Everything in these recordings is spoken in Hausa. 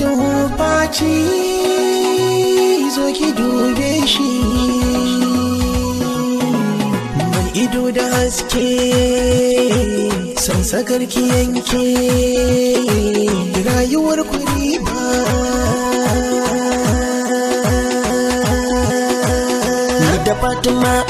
Tufaci zo ki dube shi mai ido da haske san sakar ki yanke rayuwar kuri ba da Fatima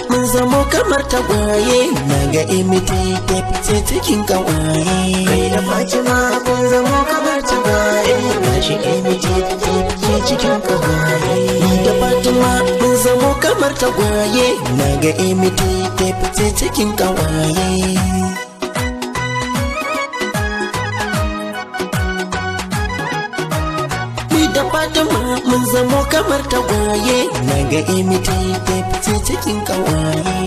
kamar tagwaye na ga imitated sai cikin kawaye kai da fatima kun zama kamar tagwaye na shi imitated sai cikin kawaye ni da fatima kun zama kamar tagwaye na ga imitated sai cikin kawaye fatima mun zamo kamar tagwaye na ga ta fice cikin kawaye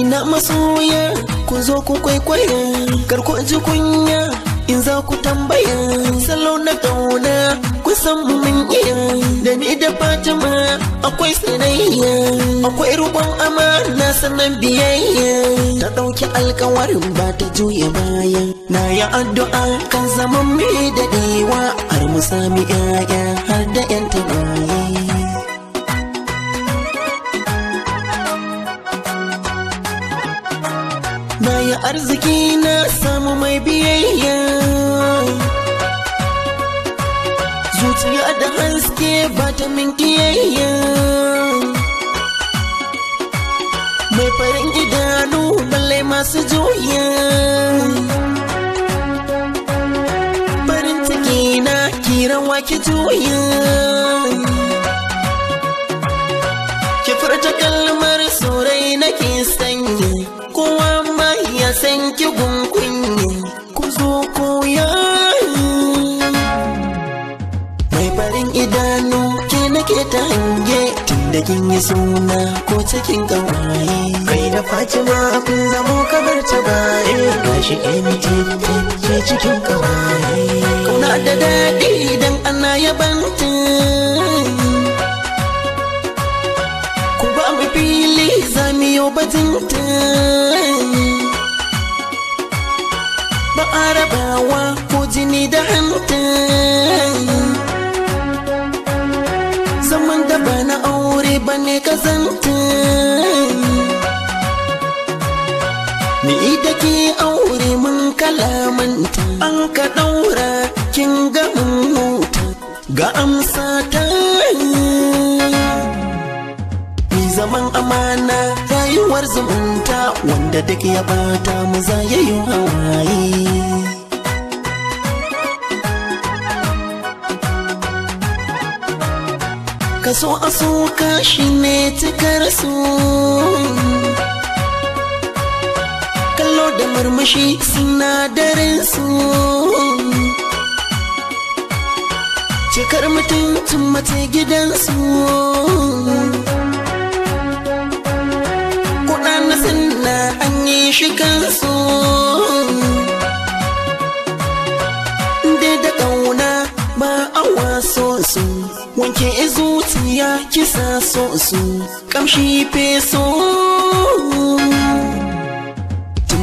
ina masoya ku zo ku kwaikwaya kar ji kunya in za ku tambaya salo na kauna kusan mun iya da ni da fatima akwai sanayya akwai rubon amana sanan biyayya ta ɗauki alkawarin ba ta juya baya na yi addu'a kan zaman mai daɗewa har mu sami 'ya'ya har da 'yan tabaye na yi arziki na samu mai biyayya zuciya da haske ba ta min kiyayya masu juya barin ciki na kirawa waki juya ki furta kalmar sorai ke sanya kowa ma ya san ki gungunye ku zo koya mai farin idanu ke nake ta hange tun da kin yi suna ko cikin kawai kai da fatima kun zamo maye gashi mt ke cikin kawaye kauna da daɗi idan ana yabanta ku ba mu fili za mu yi batinta ba a ko jini da hanta zaman da ba na aure ba ne kazan Ni da ke aure mun kalamanta an ka ɗaura kin ga mun huta ga amsa ta Ni zaman amana rayuwar zumunta wanda duk ya bata mu zayayin hawaye. ka so a so ka shi ne tukar su. murmushi sinadarin su cikar mutum tun mace gidansu kudana na an yi shi kansu da ƙauna ba a waso su wanke ya kisa so su ƙamshi feso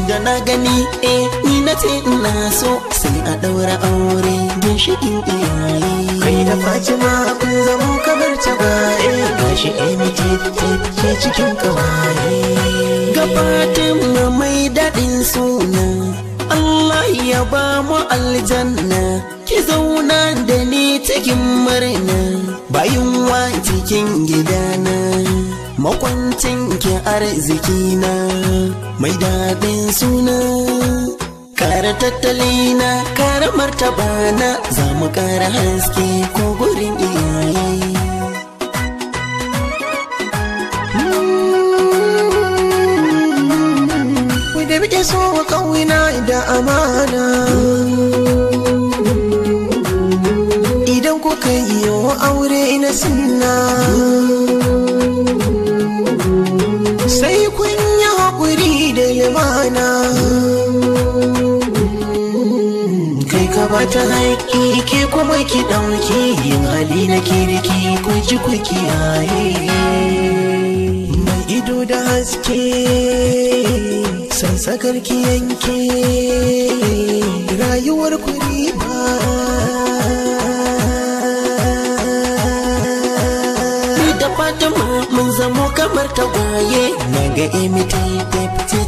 da na gani eh ni na ce ina so sai a daura aure in iyaye kai da fatima kun zamo kamar ta ba shi eh mi ce cikin kawaye gabatin ma mai daɗin suna Allah ya ba mu aljanna ki zauna da ni cikin murna bayan wa cikin gidana makwancin ki arzikina mai daɗin suna kara tattali na kara martaba na za mu kara haske ko gurin iyaye da bike so wa ƙauyena da amana idan kuka yi wa aure na sinna sai kun Kuri da limana kai ka ta haƙi ke kuma ki ɗauki yin hali na kirki ku ji ku kiyaye mai ido da haske sansakar ki yanke rayuwar ku riba kamar tagwaye na ga imitai peptide